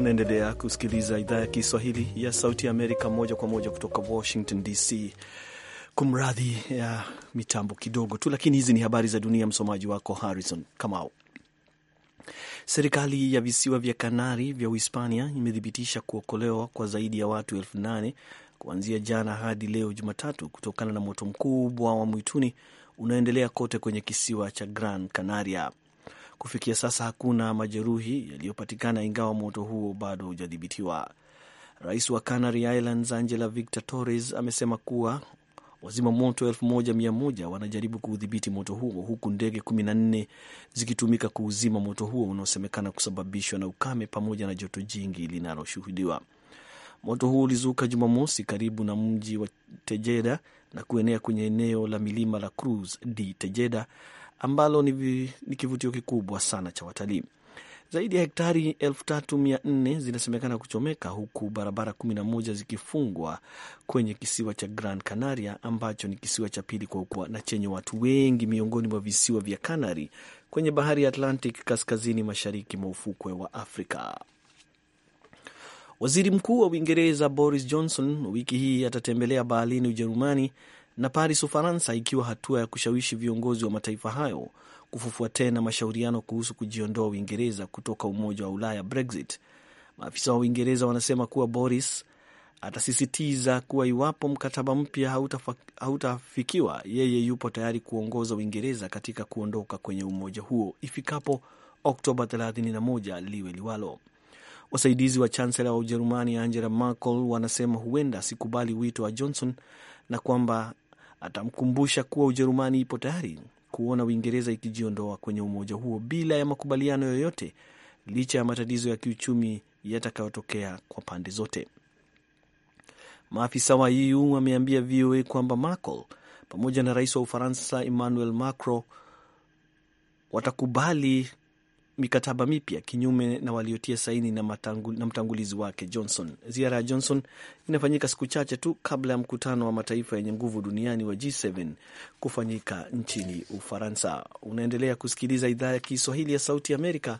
Unaendelea kusikiliza idhaa ya Kiswahili ya Sauti ya Amerika moja kwa moja kutoka Washington DC. Kumradhi ya mitambo kidogo tu, lakini hizi ni habari za dunia. Msomaji wako Harrison Kamau. Serikali ya visiwa vya Kanari vya Uhispania imethibitisha kuokolewa kwa zaidi ya watu elfu nane kuanzia jana hadi leo Jumatatu kutokana na moto mkubwa wa mwituni unaoendelea kote kwenye kisiwa cha Gran Canaria. Kufikia sasa hakuna majeruhi yaliyopatikana, ingawa moto huo bado hujadhibitiwa. Rais wa Canary Islands Angela Victor Torres amesema kuwa wazima moto 1100 wanajaribu kuudhibiti moto huo huku ndege 14 zikitumika kuuzima moto huo unaosemekana kusababishwa na ukame pamoja na joto jingi linaloshuhudiwa. Moto huo ulizuka Jumamosi karibu na mji wa Tejeda na kuenea kwenye eneo la milima la Cruz de Tejeda ambalo ni, ni kivutio kikubwa sana cha watalii. Zaidi ya hektari 3400 zinasemekana kuchomeka huku barabara 11 zikifungwa kwenye kisiwa cha Gran Canaria ambacho ni kisiwa cha pili kwa ukubwa na chenye watu wengi miongoni mwa visiwa vya Canary kwenye bahari ya Atlantic kaskazini mashariki mwa ufukwe wa Afrika. Waziri Mkuu wa Uingereza Boris Johnson wiki hii atatembelea Berlin, Ujerumani na Paris, Ufaransa, ikiwa hatua ya kushawishi viongozi wa mataifa hayo kufufua tena mashauriano kuhusu kujiondoa Uingereza kutoka Umoja wa Ulaya, Brexit. Maafisa wa Uingereza wanasema kuwa Boris atasisitiza kuwa iwapo mkataba mpya hautafikiwa, hauta, yeye yupo tayari kuongoza Uingereza katika kuondoka kwenye umoja huo ifikapo Oktoba 31 liwe liwalo. Wasaidizi wa chansela wa Ujerumani Angela Merkel wanasema huenda sikubali wito wa Johnson na kwamba atamkumbusha kuwa Ujerumani ipo tayari kuona Uingereza ikijiondoa kwenye umoja huo bila ya makubaliano yoyote, licha ya matatizo ya kiuchumi yatakayotokea kwa pande zote. Maafisa wa EU wameambia VOA kwamba Merkel pamoja na rais wa Ufaransa Emmanuel Macron watakubali mikataba mipya kinyume na waliotia saini na, matangu, na mtangulizi wake Johnson. Ziara ya Johnson inafanyika siku chache tu kabla ya mkutano wa mataifa yenye nguvu duniani wa G7 kufanyika nchini Ufaransa. Unaendelea kusikiliza idhaa ya Kiswahili ya Sauti Amerika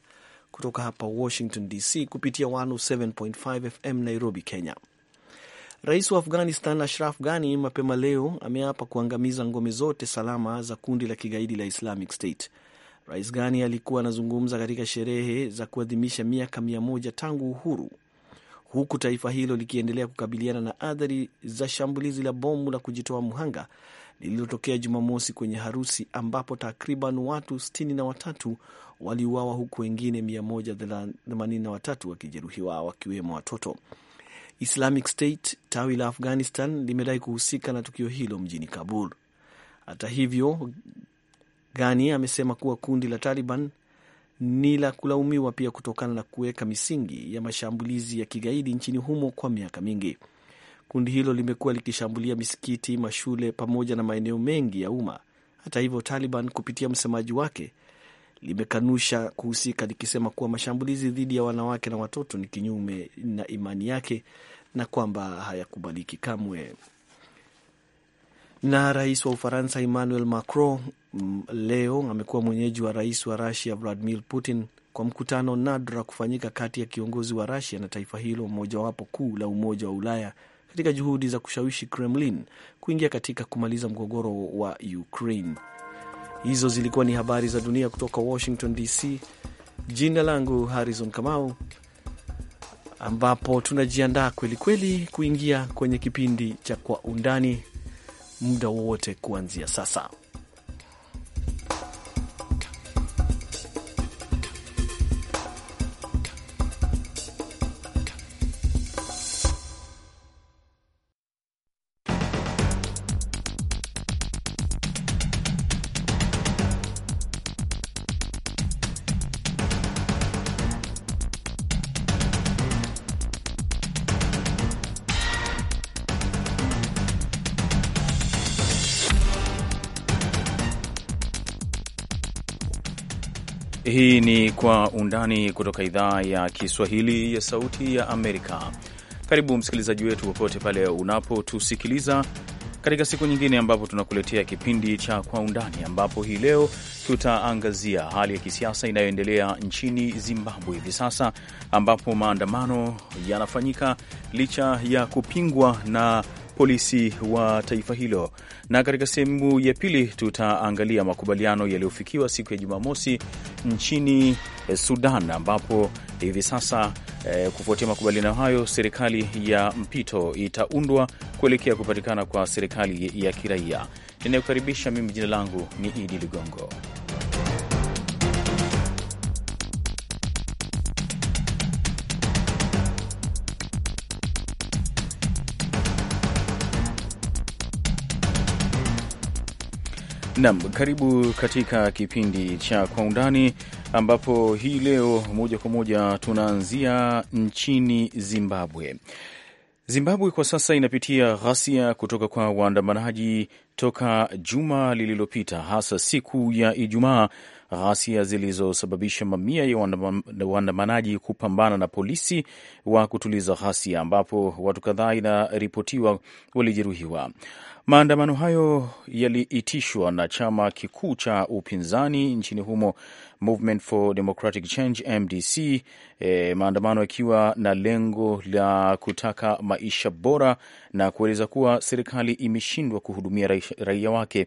kutoka hapa Washington DC kupitia 107.5 FM Nairobi, Kenya. Rais wa Afghanistan Ashraf Ghani mapema leo ameapa kuangamiza ngome zote salama za kundi la kigaidi la Islamic State. Rais Ghani alikuwa anazungumza katika sherehe za kuadhimisha miaka mia moja tangu uhuru, huku taifa hilo likiendelea kukabiliana na athari za shambulizi la bomu la kujitoa mhanga lililotokea Jumamosi kwenye harusi ambapo takriban watu sitini na watatu waliuawa huku wengine 183 wakijeruhiwa wakiwemo watoto. Islamic State tawi la Afghanistan limedai kuhusika na tukio hilo mjini Kabul. Hata hivyo, Ghani amesema kuwa kundi la Taliban ni la kulaumiwa pia kutokana na kuweka misingi ya mashambulizi ya kigaidi nchini humo kwa miaka mingi. Kundi hilo limekuwa likishambulia misikiti, mashule pamoja na maeneo mengi ya umma. Hata hivyo, Taliban kupitia msemaji wake limekanusha kuhusika likisema kuwa mashambulizi dhidi ya wanawake na watoto ni kinyume na imani yake na kwamba hayakubaliki kamwe. Na rais wa Ufaransa Emmanuel Macron mm, leo amekuwa mwenyeji wa rais wa Rusia Vladimir Putin kwa mkutano nadra kufanyika kati ya kiongozi wa Rusia na taifa hilo mojawapo kuu la Umoja wa Ulaya katika juhudi za kushawishi Kremlin kuingia katika kumaliza mgogoro wa Ukraine. Hizo zilikuwa ni habari za dunia kutoka Washington DC. Jina langu Harrison Kamau, ambapo tunajiandaa kweli kweli kuingia kwenye kipindi cha Kwa Undani muda wowote kuanzia sasa. Hii ni Kwa Undani kutoka idhaa ya Kiswahili ya Sauti ya Amerika. Karibu msikilizaji wetu popote pale unapotusikiliza katika siku nyingine ambapo tunakuletea kipindi cha Kwa Undani, ambapo hii leo tutaangazia hali ya kisiasa inayoendelea nchini Zimbabwe hivi sasa, ambapo maandamano yanafanyika licha ya kupingwa na polisi wa taifa hilo. Na katika sehemu ya pili tutaangalia makubaliano yaliyofikiwa siku ya Jumamosi nchini eh, Sudan, ambapo hivi sasa eh, kufuatia makubaliano hayo, serikali ya mpito itaundwa kuelekea kupatikana kwa serikali ya kiraia. Ninayokaribisha mimi, jina langu ni Idi Ligongo. Nam, karibu katika kipindi cha Kwa Undani, ambapo hii leo moja kwa moja tunaanzia nchini Zimbabwe. Zimbabwe kwa sasa inapitia ghasia kutoka kwa waandamanaji toka juma lililopita, hasa siku ya Ijumaa, ghasia zilizosababisha mamia ya waandamanaji kupambana na polisi wa kutuliza ghasia, ambapo watu kadhaa inaripotiwa walijeruhiwa. Maandamano hayo yaliitishwa na chama kikuu cha upinzani nchini humo Movement for Democratic Change MDC, e, maandamano yakiwa na lengo la kutaka maisha bora na kueleza kuwa serikali imeshindwa kuhudumia raia wake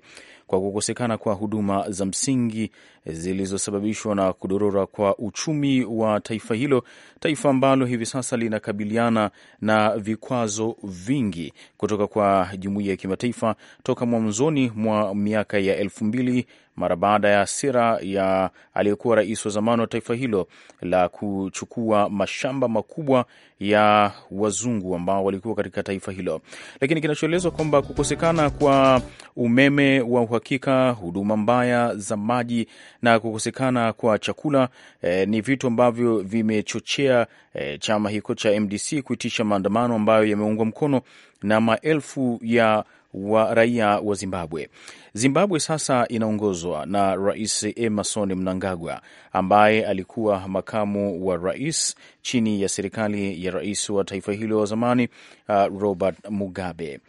kwa kukosekana kwa huduma za msingi zilizosababishwa na kudorora kwa uchumi wa taifa hilo, taifa ambalo hivi sasa linakabiliana na vikwazo vingi kutoka kwa jumuiya ya kimataifa toka mwanzoni mwa miaka ya elfu mbili mara baada ya sera ya aliyekuwa rais wa zamani wa taifa hilo la kuchukua mashamba makubwa ya wazungu ambao walikuwa katika taifa hilo. Lakini kinachoelezwa kwamba kukosekana kwa umeme wa uhakika, huduma mbaya za maji na kukosekana kwa chakula eh, ni vitu ambavyo vimechochea eh, chama hiko cha MDC kuitisha maandamano ambayo yameungwa mkono na maelfu ya wa raia wa Zimbabwe. Zimbabwe sasa inaongozwa na Rais Emerson Mnangagwa ambaye alikuwa makamu wa rais chini ya serikali ya rais wa taifa hilo wa zamani uh, Robert Mugabe.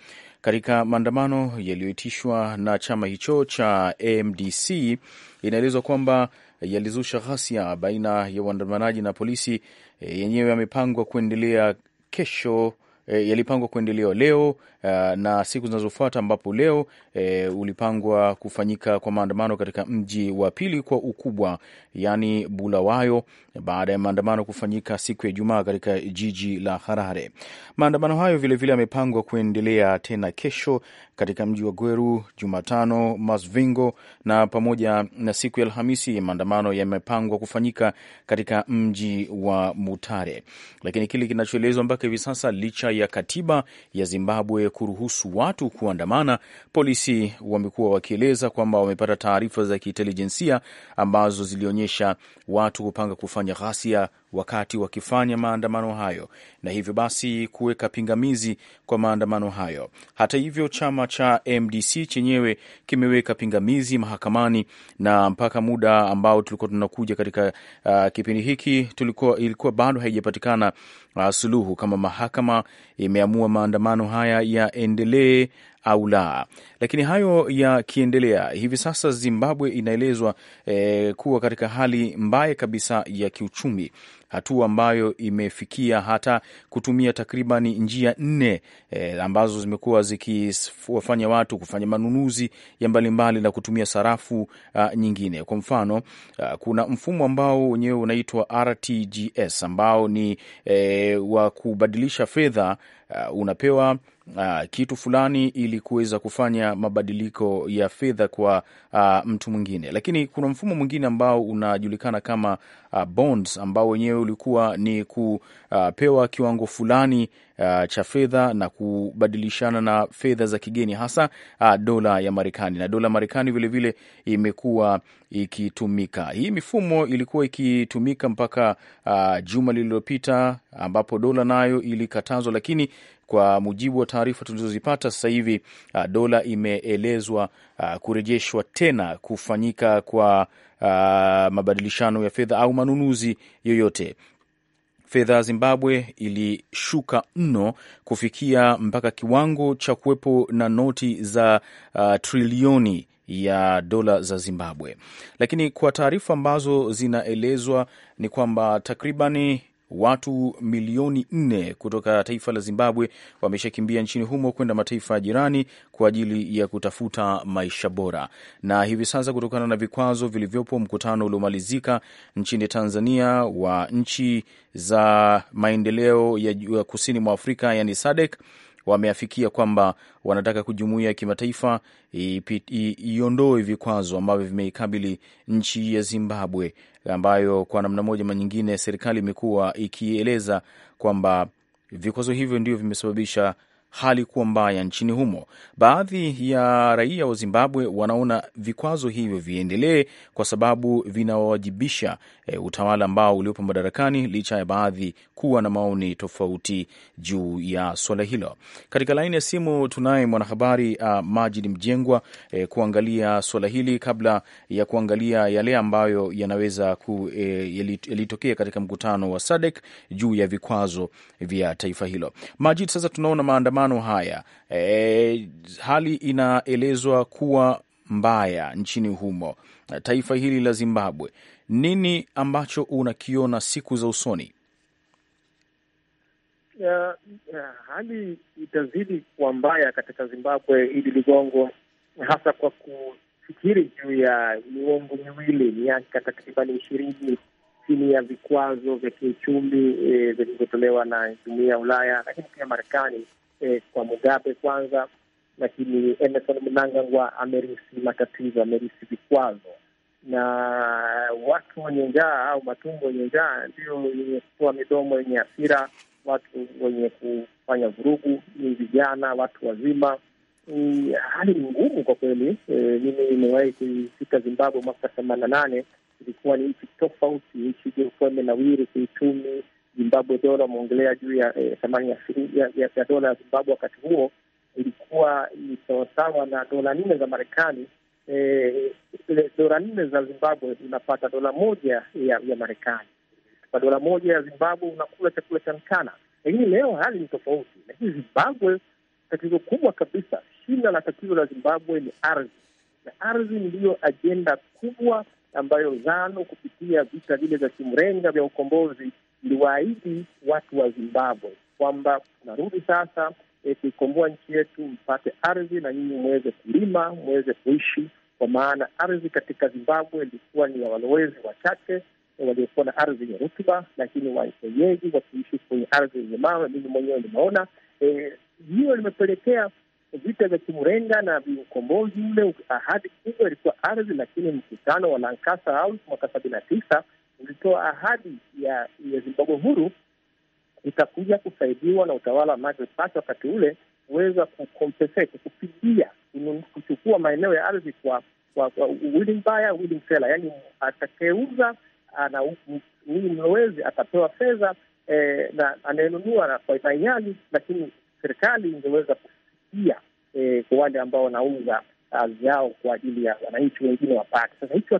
Katika maandamano yaliyoitishwa na chama hicho cha MDC, inaelezwa kwamba yalizusha ghasia baina ya waandamanaji na polisi. Eh, yenyewe yamepangwa kuendelea kesho Eh, yalipangwa kuendelewa leo Eh, na siku zinazofuata, ambapo leo e, ulipangwa kufanyika kwa maandamano katika mji wa pili kwa ukubwa, yani Bulawayo, baada ya maandamano kufanyika siku ya Ijumaa katika jiji la Harare. Maandamano hayo vilevile yamepangwa vile kuendelea tena kesho katika mji wa Gweru, Jumatano, Masvingo na pamoja na siku ya Alhamisi. Maandamano yamepangwa kufanyika katika mji wa Mutare, lakini kile kinachoelezwa mpaka hivi sasa, licha ya katiba ya Zimbabwe kuruhusu watu kuandamana, polisi wamekuwa wakieleza kwamba wamepata taarifa za kiintelijensia ambazo zilionyesha watu kupanga kufanya ghasia wakati wakifanya maandamano hayo, na hivyo basi kuweka pingamizi kwa maandamano hayo. Hata hivyo, chama cha MDC chenyewe kimeweka pingamizi mahakamani, na mpaka muda ambao tulikuwa tunakuja katika uh, kipindi hiki tulikuwa, ilikuwa bado haijapatikana uh, suluhu kama mahakama imeamua maandamano haya yaendelee au la. Lakini hayo yakiendelea, hivi sasa Zimbabwe inaelezwa e, kuwa katika hali mbaya kabisa ya kiuchumi, hatua ambayo imefikia hata kutumia takribani njia nne e, ambazo zimekuwa zikiwafanya watu kufanya manunuzi ya mbalimbali na kutumia sarafu a, ah, nyingine. Kwa mfano a, ah, kuna mfumo ambao wenyewe unaitwa RTGS ambao ni e, wa kubadilisha fedha, ah, unapewa uh, kitu fulani ili kuweza kufanya mabadiliko ya fedha kwa uh, mtu mwingine. Lakini kuna mfumo mwingine ambao unajulikana kama uh, bonds ambao wenyewe ulikuwa ni kupewa kiwango fulani Uh, cha fedha na kubadilishana na fedha za kigeni hasa uh, dola ya Marekani na dola ya Marekani vilevile imekuwa ikitumika. Hii mifumo ilikuwa ikitumika mpaka uh, juma lililopita ambapo dola nayo ilikatazwa, lakini kwa mujibu wa taarifa tulizozipata sasa hivi, uh, dola imeelezwa uh, kurejeshwa tena kufanyika kwa uh, mabadilishano ya fedha au manunuzi yoyote. Fedha ya Zimbabwe ilishuka mno kufikia mpaka kiwango cha kuwepo na noti za uh, trilioni ya dola za Zimbabwe, lakini kwa taarifa ambazo zinaelezwa ni kwamba takribani watu milioni nne kutoka taifa la Zimbabwe wameshakimbia nchini humo kwenda mataifa ya jirani kwa ajili ya kutafuta maisha bora. Na hivi sasa kutokana na vikwazo vilivyopo, mkutano uliomalizika nchini Tanzania wa nchi za maendeleo ya kusini mwa Afrika yani SADC wameafikia kwamba wanataka kujumuia ya kimataifa iondoe vikwazo ambavyo vimeikabili nchi ya Zimbabwe, ambayo kwa namna moja manyingine nyingine serikali imekuwa ikieleza kwamba vikwazo hivyo ndio vimesababisha hali kuwa mbaya nchini humo. Baadhi ya raia wa Zimbabwe wanaona vikwazo hivyo viendelee kwa sababu vinawajibisha e, utawala ambao uliopo madarakani, licha ya baadhi kuwa na maoni tofauti juu ya swala hilo. Katika laini ya simu tunaye mwanahabari uh, Majid Mjengwa e, kuangalia swala hili kabla ya kuangalia yale ambayo yanaweza ku, e, yalitokea katika mkutano wa SADC juu ya vikwazo vya taifa hilo. Majid, sasa tunaona maandamano maandamano haya e, hali inaelezwa kuwa mbaya nchini humo, e, taifa hili la Zimbabwe. Nini ambacho unakiona siku za usoni? Ya, ya, hali itazidi kuwa mbaya katika Zimbabwe, hili Ligongo, hasa kwa kufikiri juu ya miongo miwili miaka takribani ishirini chini ya vikwazo vya kiuchumi eh, vilivyotolewa e, na jumuia ya Ulaya, lakini pia Marekani eh, kwa Mugabe kwanza, lakini Emerson Mnangagwa amerisi matatizo, amerisi vikwazo, na watu wenye njaa au matumbo yenye njaa ndio wenye kutoa midomo yenye hasira, watu wenye kufanya vurugu ni vijana, watu wazima. Hali ni ngumu kwa kweli. Eh, mimi nimewahi kuifika Zimbabwe mwaka themanini na nane, ilikuwa ni nchi tofauti, nchi iliyokuwa imenawiri kiuchumi Zimbabwe dola, ameongelea juu ya eh, thamani ya, ya, ya, ya dola ya Zimbabwe wakati huo ilikuwa ni sawasawa na dola nne za Marekani. E, dola nne za Zimbabwe unapata dola moja ya, ya Marekani. Kwa dola moja ya Zimbabwe unakula chakula cha mchana, lakini leo hali ni tofauti. Lakini Zimbabwe, tatizo kubwa kabisa, shina la tatizo la Zimbabwe ni ardhi, na ardhi ndiyo ajenda kubwa ambayo ZANU kupitia vita vile vya kimrenga vya ukombozi iliwaahidi watu wa Zimbabwe kwamba tunarudi sasa e, kuikomboa nchi yetu, mpate ardhi na nyinyi mweze kulima, mweze kuishi, kwa maana ardhi katika Zimbabwe ilikuwa ni ya walowezi wachache waliokuwa na ardhi yenye rutuba, lakini wenyeji wakiishi kwenye ardhi yenye mawe. Mimi mwenyewe nimeona e, hiyo, limepelekea vita vya Kimurenga na viukombozi ule. Ahadi kubwa ilikuwa ardhi, lakini mkutano wa Lankasa House mwaka sabini na tisa ulitoa ahadi ya ya Zimbabwe huru itakuja kusaidiwa na utawala wa Margaret Thatcher wakati ule kuweza kukompensate, kupigia, kuchukua maeneo ya ardhi kwa kwa, kwa willing buyer, willing seller, yaani atakayeuza ana huyu mlowezi atapewa fedha eh, na anayenunua kwa itainyali, lakini serikali ingeweza kupigia eh, kwa wale ambao wanauza ardhi yao kwa ajili ya wananchi wengine wapate. Sasa hicho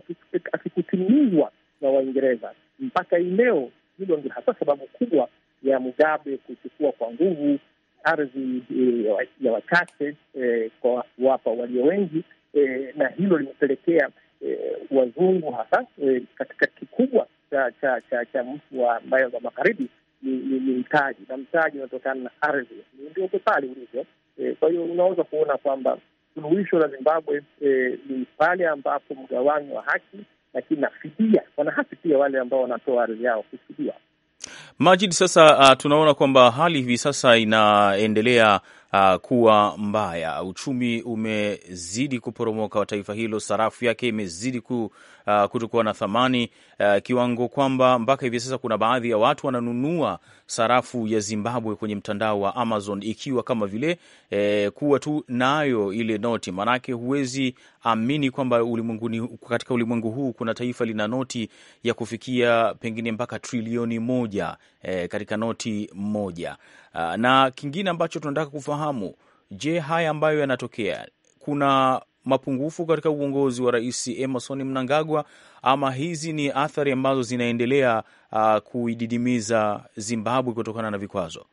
akikutimizwa aki na Waingereza. Mpaka hii leo, hilo ndio hasa sababu kubwa ya Mugabe kuchukua kwa nguvu ardhi e, ya wachache e, kwa kuwapa walio wengi e, na hilo limepelekea e, wazungu hasa e, katika kikubwa cha cha cha, cha mtu wa ambayo za magharibi ni mtaji na mtaji unatokana na ardhi, ndio pale ulivyo. Kwa hiyo unaweza kuona kwamba suluhisho la Zimbabwe ni pale ambapo mgawanyo wa haki lakini na fidia, wana haki pia wale ambao wanatoa ardhi yao kufidia. Majid, sasa uh, tunaona kwamba hali hivi sasa inaendelea uh, kuwa mbaya. Uchumi umezidi kuporomoka wa taifa hilo, sarafu yake imezidi ku Uh, kutokuwa na thamani uh, kiwango kwamba mpaka hivi sasa kuna baadhi ya watu wananunua sarafu ya Zimbabwe kwenye mtandao wa Amazon ikiwa kama vile eh, kuwa tu nayo ile noti. Maanake huwezi amini kwamba ulimwenguni, katika ulimwengu huu kuna taifa lina noti ya kufikia pengine mpaka trilioni moja eh, katika noti moja. Uh, na kingine ambacho tunataka kufahamu, je, haya ambayo yanatokea kuna mapungufu katika uongozi wa Rais Emerson Mnangagwa, ama hizi ni athari ambazo zinaendelea uh, kuididimiza Zimbabwe kutokana na vikwazo?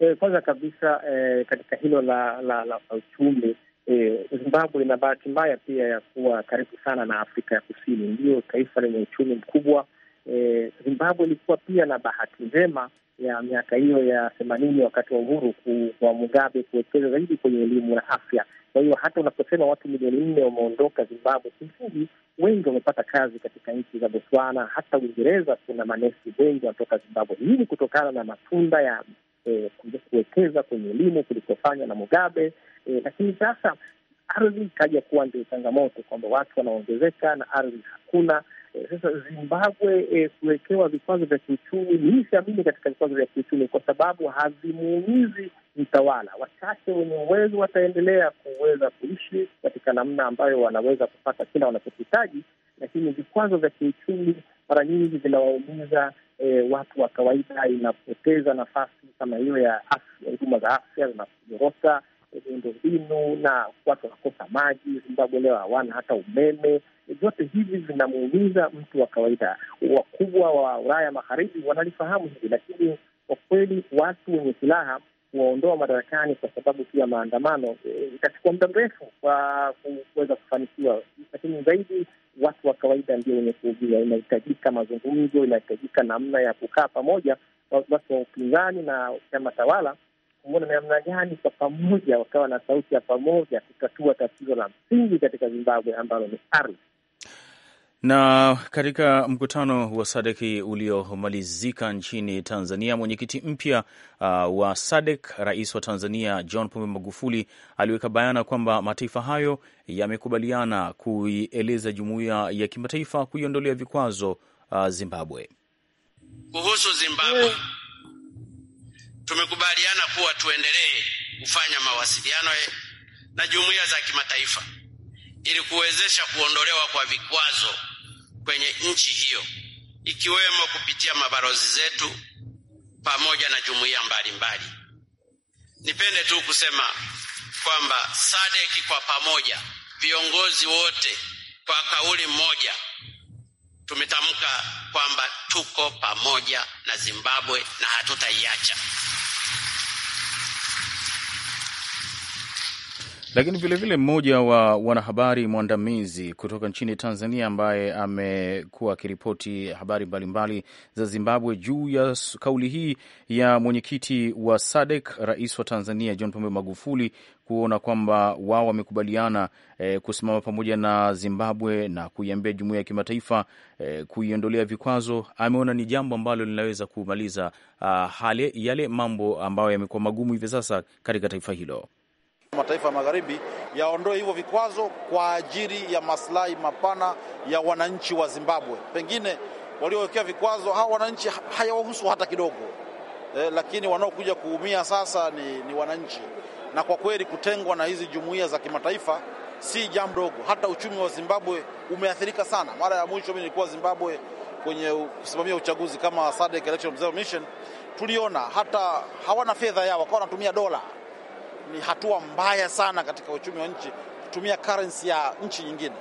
E, kwanza kabisa e, katika hilo la la, la uchumi e, Zimbabwe ina bahati mbaya pia ya kuwa karibu sana na Afrika ya Kusini, ndiyo taifa lenye uchumi mkubwa. E, Zimbabwe ilikuwa pia na bahati njema ya miaka hiyo ya themanini wakati wa uhuru wa Mugabe kuwekeza zaidi kwenye elimu na afya. Kwa hiyo hata unaposema watu milioni nne wameondoka Zimbabwe, kimsingi wengi wamepata kazi katika nchi za Botswana, hata Uingereza kuna manesi wengi wanatoka Zimbabwe. Hii ni kutokana na matunda ya eh, kuwekeza kwenye elimu kulikofanywa na Mugabe eh, lakini sasa ardhi ikaja kuwa ndio changamoto kwamba watu wanaongezeka na ardhi hakuna sasa Zimbabwe eh, kuwekewa vikwazo vya kiuchumi, mimi siamini katika vikwazo vya kiuchumi kwa sababu havimuumizi mtawala. Wachache wenye uwezo wataendelea kuweza kuishi katika namna ambayo wanaweza kupata kila wanachokihitaji, lakini vikwazo vya kiuchumi mara nyingi vinawaumiza eh, watu wa kawaida. Inapoteza nafasi kama hiyo ya huduma za afya, zinaorota miundo mbinu, na watu wanakosa maji. Zimbabwe leo hawana hata umeme. Vyote hivi vinamuumiza mtu wa kawaida. Wakubwa wa Ulaya Magharibi wanalifahamu hivi, lakini kwa kweli watu wenye silaha kuwaondoa madarakani kwa sababu pia maandamano e, itachukua muda mrefu kwa kuweza kufanikiwa, lakini zaidi watu wa kawaida ndio wenye kuugia. Inahitajika mazungumzo, inahitajika namna ya kukaa pamoja watu wa upinzani na chama tawala kumwona namna gani kwa pamoja wakawa na sauti ya pamoja kutatua tatizo la msingi katika Zimbabwe ambalo ni ardhi. Na katika mkutano wa sadek uliomalizika nchini Tanzania, mwenyekiti mpya uh, wa Sadek, rais wa Tanzania John Pombe Magufuli aliweka bayana kwamba mataifa hayo yamekubaliana kuieleza jumuiya ya kimataifa kuiondolea vikwazo uh, Zimbabwe. Kuhusu Zimbabwe, tumekubaliana kuwa tuendelee kufanya mawasiliano na jumuiya za kimataifa ili kuwezesha kuondolewa kwa vikwazo kwenye nchi hiyo, ikiwemo kupitia mabalozi zetu pamoja na jumuiya mbalimbali. Nipende tu kusema kwamba SADC kwa pamoja, viongozi wote kwa kauli moja tumetamka kwamba tuko pamoja na Zimbabwe na hatutaiacha. Lakini vilevile mmoja wa wanahabari mwandamizi kutoka nchini Tanzania ambaye amekuwa akiripoti habari mbalimbali mbali za Zimbabwe juu ya kauli hii ya mwenyekiti wa SADC Rais wa Tanzania John Pombe Magufuli kuona kwamba wao wamekubaliana e, kusimama pamoja na Zimbabwe na kuiambia jumuiya ya kimataifa e, kuiondolea vikwazo, ameona ni jambo ambalo linaweza kumaliza a, ah, hale yale mambo ambayo yamekuwa magumu hivi sasa katika taifa hilo mataifa ya magharibi yaondoe hivyo vikwazo kwa ajili ya maslahi mapana ya wananchi wa Zimbabwe. Pengine waliowekea vikwazo hao wananchi hayawahusu hata kidogo eh, lakini wanaokuja kuumia sasa ni, ni wananchi. Na kwa kweli kutengwa na hizi jumuiya za kimataifa si jambo dogo. Hata uchumi wa Zimbabwe umeathirika sana. Mara ya mwisho mimi nilikuwa Zimbabwe kwenye kusimamia uchaguzi kama SADC Election Mission, tuliona hata hawana fedha yao, wakawa wanatumia dola ni hatua mbaya sana katika uchumi wa nchi kutumia currency ya nchi nyingine.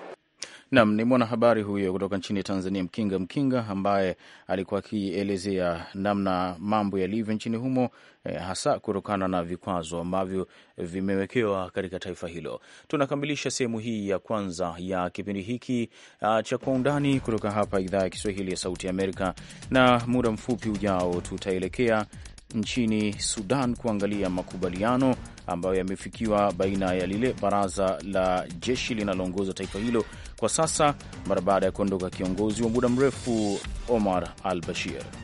Nam ni mwanahabari huyo kutoka nchini Tanzania, Mkinga Mkinga, ambaye alikuwa akielezea namna mambo yalivyo nchini humo eh, hasa kutokana na vikwazo ambavyo vimewekewa katika taifa hilo. Tunakamilisha sehemu hii ya kwanza ya kipindi hiki uh, cha Kwa Undani kutoka hapa idhaa ya Kiswahili ya Sauti ya Amerika, na muda mfupi ujao tutaelekea nchini Sudan kuangalia makubaliano ambayo yamefikiwa baina ya lile baraza la jeshi linaloongoza taifa hilo kwa sasa mara baada ya kuondoka kiongozi wa muda mrefu Omar al Bashir.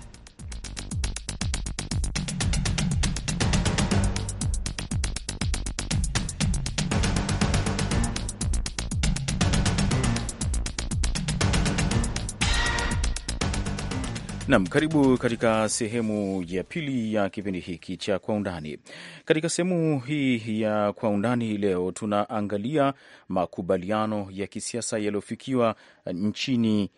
Nam, karibu katika sehemu ya pili ya kipindi hiki cha Kwa Undani. Katika sehemu hii ya Kwa Undani leo tunaangalia makubaliano ya kisiasa yaliyofikiwa nchini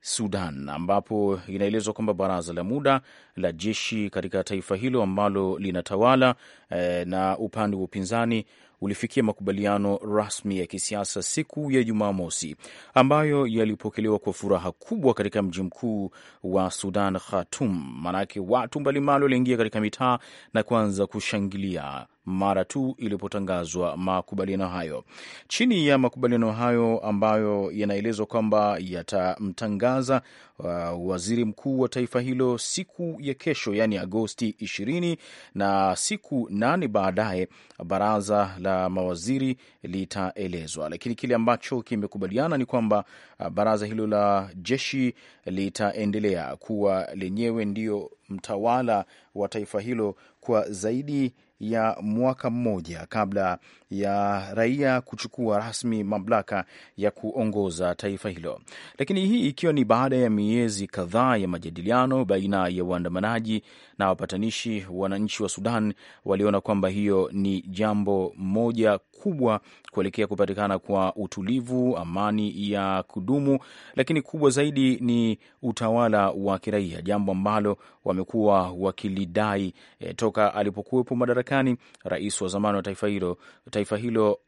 Sudan ambapo inaelezwa kwamba baraza la muda la jeshi katika taifa hilo ambalo linatawala e, na upande wa upinzani ulifikia makubaliano rasmi ya kisiasa siku ya Jumamosi ambayo yalipokelewa kwa furaha kubwa katika mji mkuu wa Sudan, Khartoum. Maanake watu mbalimbali waliingia katika mitaa na kuanza kushangilia mara tu ilipotangazwa makubaliano hayo. Chini ya makubaliano hayo ambayo yanaelezwa kwamba yatamtangaza uh, waziri mkuu wa taifa hilo siku ya kesho, yani Agosti 20 na siku nane baadaye baraza la mawaziri litaelezwa. Lakini kile ambacho kimekubaliana ni kwamba uh, baraza hilo la jeshi litaendelea kuwa lenyewe ndio mtawala wa taifa hilo kwa zaidi ya mwaka mmoja kabla ya raia kuchukua rasmi mamlaka ya kuongoza taifa hilo, lakini hii ikiwa ni baada ya miezi kadhaa ya majadiliano baina ya waandamanaji na wapatanishi. Wananchi wa Sudan waliona kwamba hiyo ni jambo moja kubwa kuelekea kupatikana kwa utulivu, amani ya kudumu, lakini kubwa zaidi ni utawala wa kiraia, jambo ambalo wamekuwa wakilidai e, toka alipokuwepo madarakani rais wa zamani wa taifa hilo, taifa hilo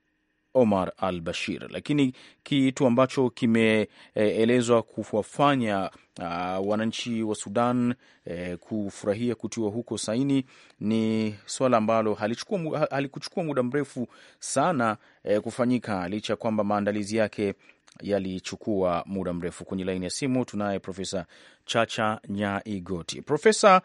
Omar al Bashir. Lakini kitu ambacho kimeelezwa kuwafanya uh, wananchi wa Sudan e, kufurahia kutiwa huko saini ni swala ambalo halikuchukua muda mrefu sana e, kufanyika licha ya kwamba maandalizi yake yalichukua muda mrefu. Kwenye laini ya simu tunaye Profesa Chacha Nyaigoti. Profesa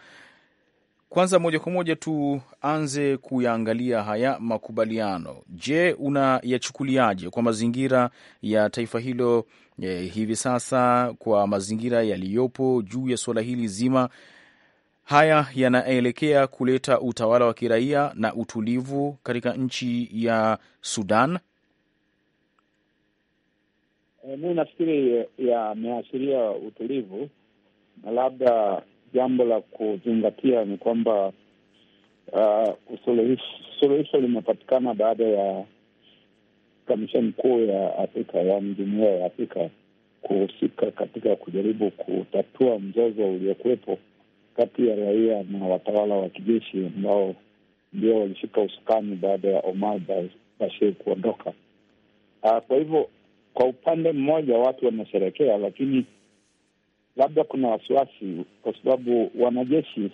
kwanza moja kwa moja tuanze kuyaangalia haya makubaliano. Je, unayachukuliaje kwa mazingira ya taifa hilo eh, hivi sasa, kwa mazingira yaliyopo juu ya suala hili zima? Haya yanaelekea kuleta utawala wa kiraia na utulivu katika nchi ya Sudan. E, eh, mi nafikiri yameashiria utulivu na labda jambo la kuzingatia ni kwamba uh, suluhisho limepatikana baada ya kamisheni kuu ya Afrika, yaani jumuia ya Afrika kuhusika katika kujaribu kutatua mzozo uliokuwepo kati ya raia na watawala wa kijeshi ambao ndio walishika usukani baada ya Omar Bashir kuondoka. Uh, kwa hivyo kwa upande mmoja watu wanasherekea, lakini labda kuna wasiwasi, kwa sababu wanajeshi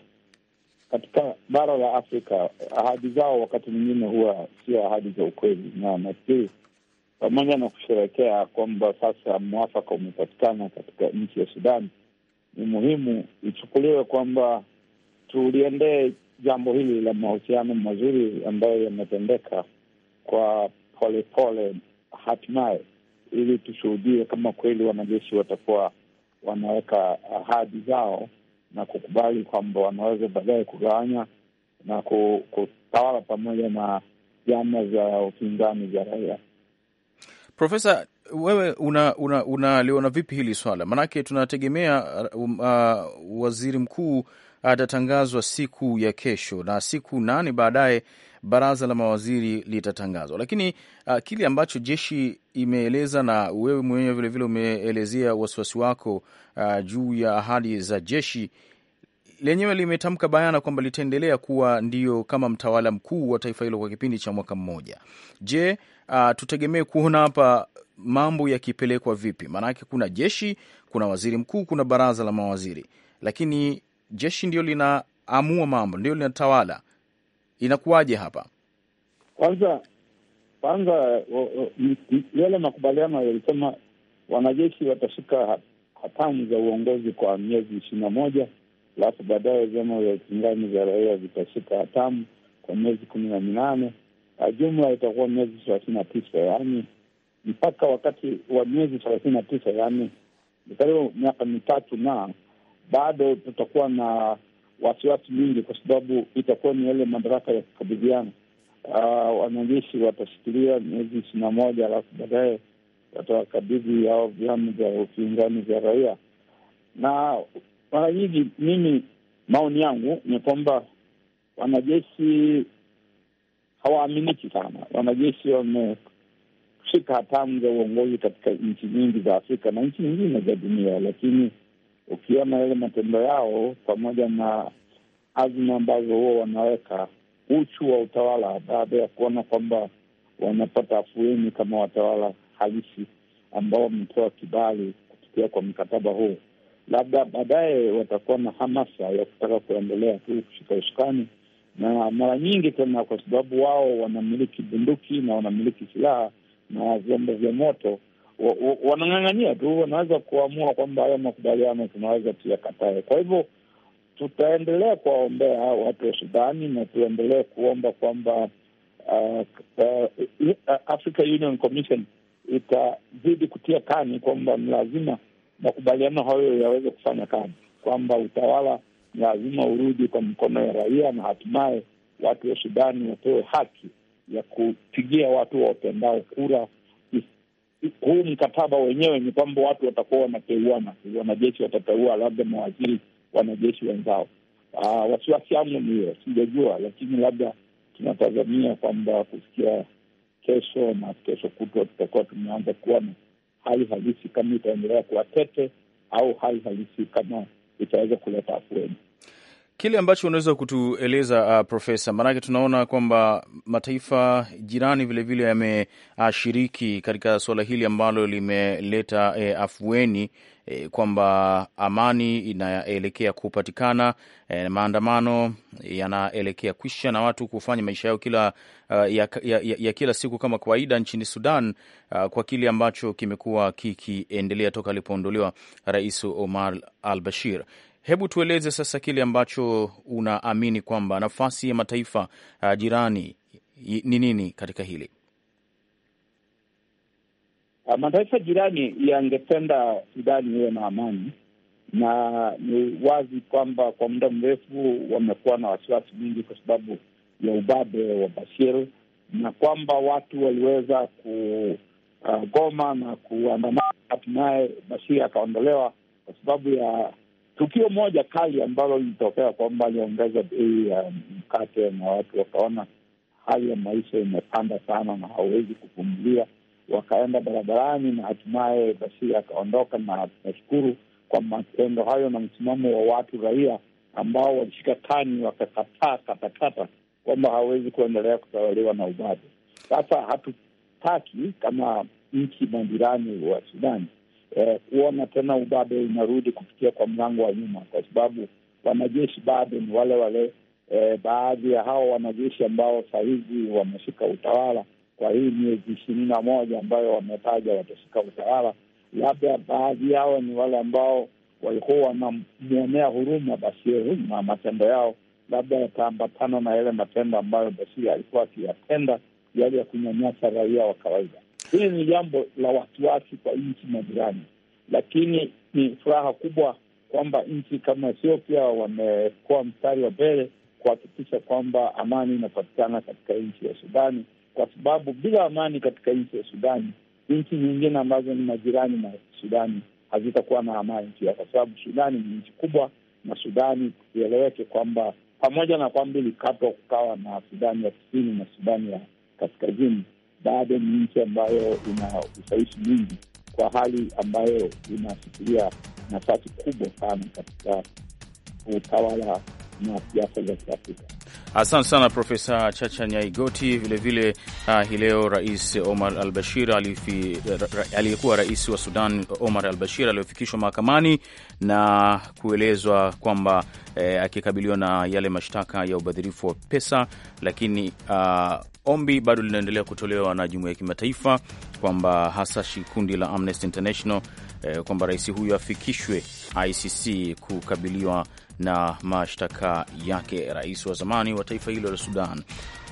katika bara la Afrika ahadi zao wakati mwingine huwa sio ahadi za ukweli, na nafikiri pamoja na kusherehekea kwamba sasa mwafaka umepatikana katika nchi ya Sudan, ni muhimu ichukuliwe kwamba tuliendee jambo hili la mahusiano mazuri ambayo yametendeka kwa polepole, hatimaye ili tushuhudie kama kweli wanajeshi watakuwa wanaweka ahadi zao na kukubali kwamba wanaweza baadaye kugawanya na kutawala pamoja na vyama za upinzani vya raia. Profesa, wewe unaliona una, una vipi hili swala? Maanake tunategemea uh, um, uh, waziri mkuu atatangazwa siku ya kesho na siku nane baadaye baraza la mawaziri litatangazwa. Lakini uh, kile ambacho jeshi imeeleza na wewe mwenyewe vilevile umeelezea wasiwasi wako uh, juu ya ahadi za jeshi lenyewe limetamka bayana kwamba litaendelea kuwa ndio kama mtawala mkuu wa taifa hilo kwa kipindi cha mwaka mmoja. Je, uh, tutegemee kuona hapa mambo yakipelekwa vipi? Maanake kuna jeshi, kuna waziri mkuu, kuna baraza la mawaziri, lakini jeshi ndio linaamua mambo, ndio linatawala inakuwaje hapa? Kwanza kwanza yale makubaliano yalisema wanajeshi watashika hatamu za uongozi kwa miezi ishirini na moja alafu baadaye vyama vya upingani vya raia vitashika hatamu kwa miezi kumi na minane jumla itakuwa miezi thelathini na tisa yaani mpaka wakati wa miezi thelathini na tisa yaani karibu miaka mitatu na bado tutakuwa na wasiwasi mwingi, kwa sababu itakuwa ni yale madaraka ya kukabidhiana. Uh, wanajeshi watashikilia miezi ishirini na moja alafu baadaye watawakabidhi ao vyama vya upinzani vya raia. Na mara nyingi, mimi maoni yangu ni kwamba wanajeshi hawaaminiki sana. Wanajeshi wameshika hatamu za uongozi katika nchi nyingi za Afrika na nchi nyingine za dunia, lakini ukiona yale matendo yao pamoja na azma ambazo huwa wanaweka, uchu wa utawala, baada ya kuona kwamba wanapata afueni kama watawala halisi ambao wametoa kibali kupitia kwa mkataba huu, labda baadaye watakuwa na hamasa ya kutaka kuendelea tu kushika usukani, na mara nyingi tena, kwa sababu wao wanamiliki bunduki na wanamiliki silaha na vyombo vya moto wanang'ang'ania tu, wanaweza kuamua kwamba haya makubaliano tunaweza tuyakatae. Kwa hivyo tutaendelea kuwaombea watu wa Sudani na tuendelee kuomba kwamba uh, uh, Africa Union Commission itazidi kutia kani kwamba ni lazima makubaliano hayo yaweze kufanya kazi, kwamba utawala ni lazima urudi kwa mkono ya raia na hatimaye watu wa Sudani wapewe haki ya kupigia watu wawapendao kura huu mkataba wenyewe ni kwamba watu watakuwa wanateuana, wanajeshi watateua labda mawaziri wanajeshi wenzao. Uh, wasiwasi yangu ni hiyo, sijajua, lakini labda tunatazamia kwamba kusikia kesho na kesho kutwa tutakuwa tumeanza kuona hali halisi kama itaendelea kuwa tete au hali halisi kama itaweza kuleta afueni. Kile ambacho unaweza kutueleza uh, profesa, maanake tunaona kwamba mataifa jirani vilevile yameshiriki uh, katika suala hili ambalo limeleta uh, afueni uh, kwamba amani inaelekea kupatikana uh, maandamano yanaelekea kwisha na watu kufanya maisha yao kila, uh, ya, ya, ya kila siku kama kawaida nchini Sudan uh, kwa kile ambacho kimekuwa kikiendelea toka alipoondolewa Rais Omar al-Bashir. Hebu tueleze sasa kile ambacho unaamini kwamba nafasi ya mataifa uh, jirani ni nini katika hili? Uh, mataifa jirani yangependa Sudani iwe na amani, na ni wazi kwamba kwa muda mrefu wamekuwa na wasiwasi mwingi kwa sababu ya ubabe wa Bashir na kwamba watu waliweza kugoma uh, na kuandamana, hatimaye Bashir akaondolewa kwa sababu ya tukio moja kali ambalo lilitokea kwamba aliongeza bei ya mkate na watu wakaona hali ya maisha imepanda sana na hawezi kuvumilia, wakaenda barabarani na hatimaye Bashiri akaondoka, na tunashukuru kwa matendo hayo na msimamo wa watu raia ambao walishika tani wakakataa katakata kwamba hawezi kuendelea kutawaliwa na ubabe. Sasa hatutaki kama nchi majirani wa Sudani Eh, kuona eh, tena ubabe unarudi kupitia kwa mlango wa nyuma, kwa sababu wanajeshi bado ni wale wale eh, baadhi ya hao wanajeshi ambao sahizi wameshika utawala kwa hii miezi ishirini na moja ambayo wametaja watashika utawala, labda baadhi yao ni wale ambao walikuwa wanamwonea huruma Bashir na matendo yao labda yataambatana na yale matendo ambayo Bashir alikuwa akiyatenda, yale ya kunyanyasa raia wa kawaida. Hili ni jambo la wasiwasi kwa nchi majirani, lakini ni furaha kubwa kwamba nchi kama Ethiopia wamekuwa mstari wa mbele kuhakikisha kwamba amani inapatikana katika nchi ya Sudani, kwa sababu bila amani katika nchi ya Sudani, nchi nyingine ambazo ni majirani na Sudani hazitakuwa na amani pia, kwa sababu Sudani ni nchi kubwa, na Sudani ieleweke kwamba pamoja na kwamba ilikatwa kukawa na Sudani ya kusini na Sudani ya kaskazini bado ni nchi ambayo ina ushawishi mwingi, kwa hali ambayo inashikilia nafasi kubwa sana katika utawala na siasa za Kiafrika. Asante sana Profesa Chacha Nyaigoti. Vilevile uh, ah, hii leo Rais Omar al Bashir aliyekuwa ra, rais wa Sudan Omar al Bashir aliyofikishwa mahakamani na kuelezwa kwamba eh, akikabiliwa na yale mashtaka ya ubadhirifu wa pesa, lakini uh, ombi bado linaendelea kutolewa na jumuiya ya kimataifa kwamba hasa kundi la Amnesty International eh, kwamba rais huyo afikishwe ICC kukabiliwa na mashtaka yake rais wa zamani wa taifa hilo la Sudan,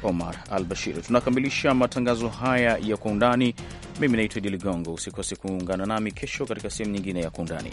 Omar al Bashir. Tunakamilisha matangazo haya ya Kwa Undani. Mimi naitwa Idi Ligongo. Usikose kuungana nami kesho katika sehemu nyingine ya Kwa Undani.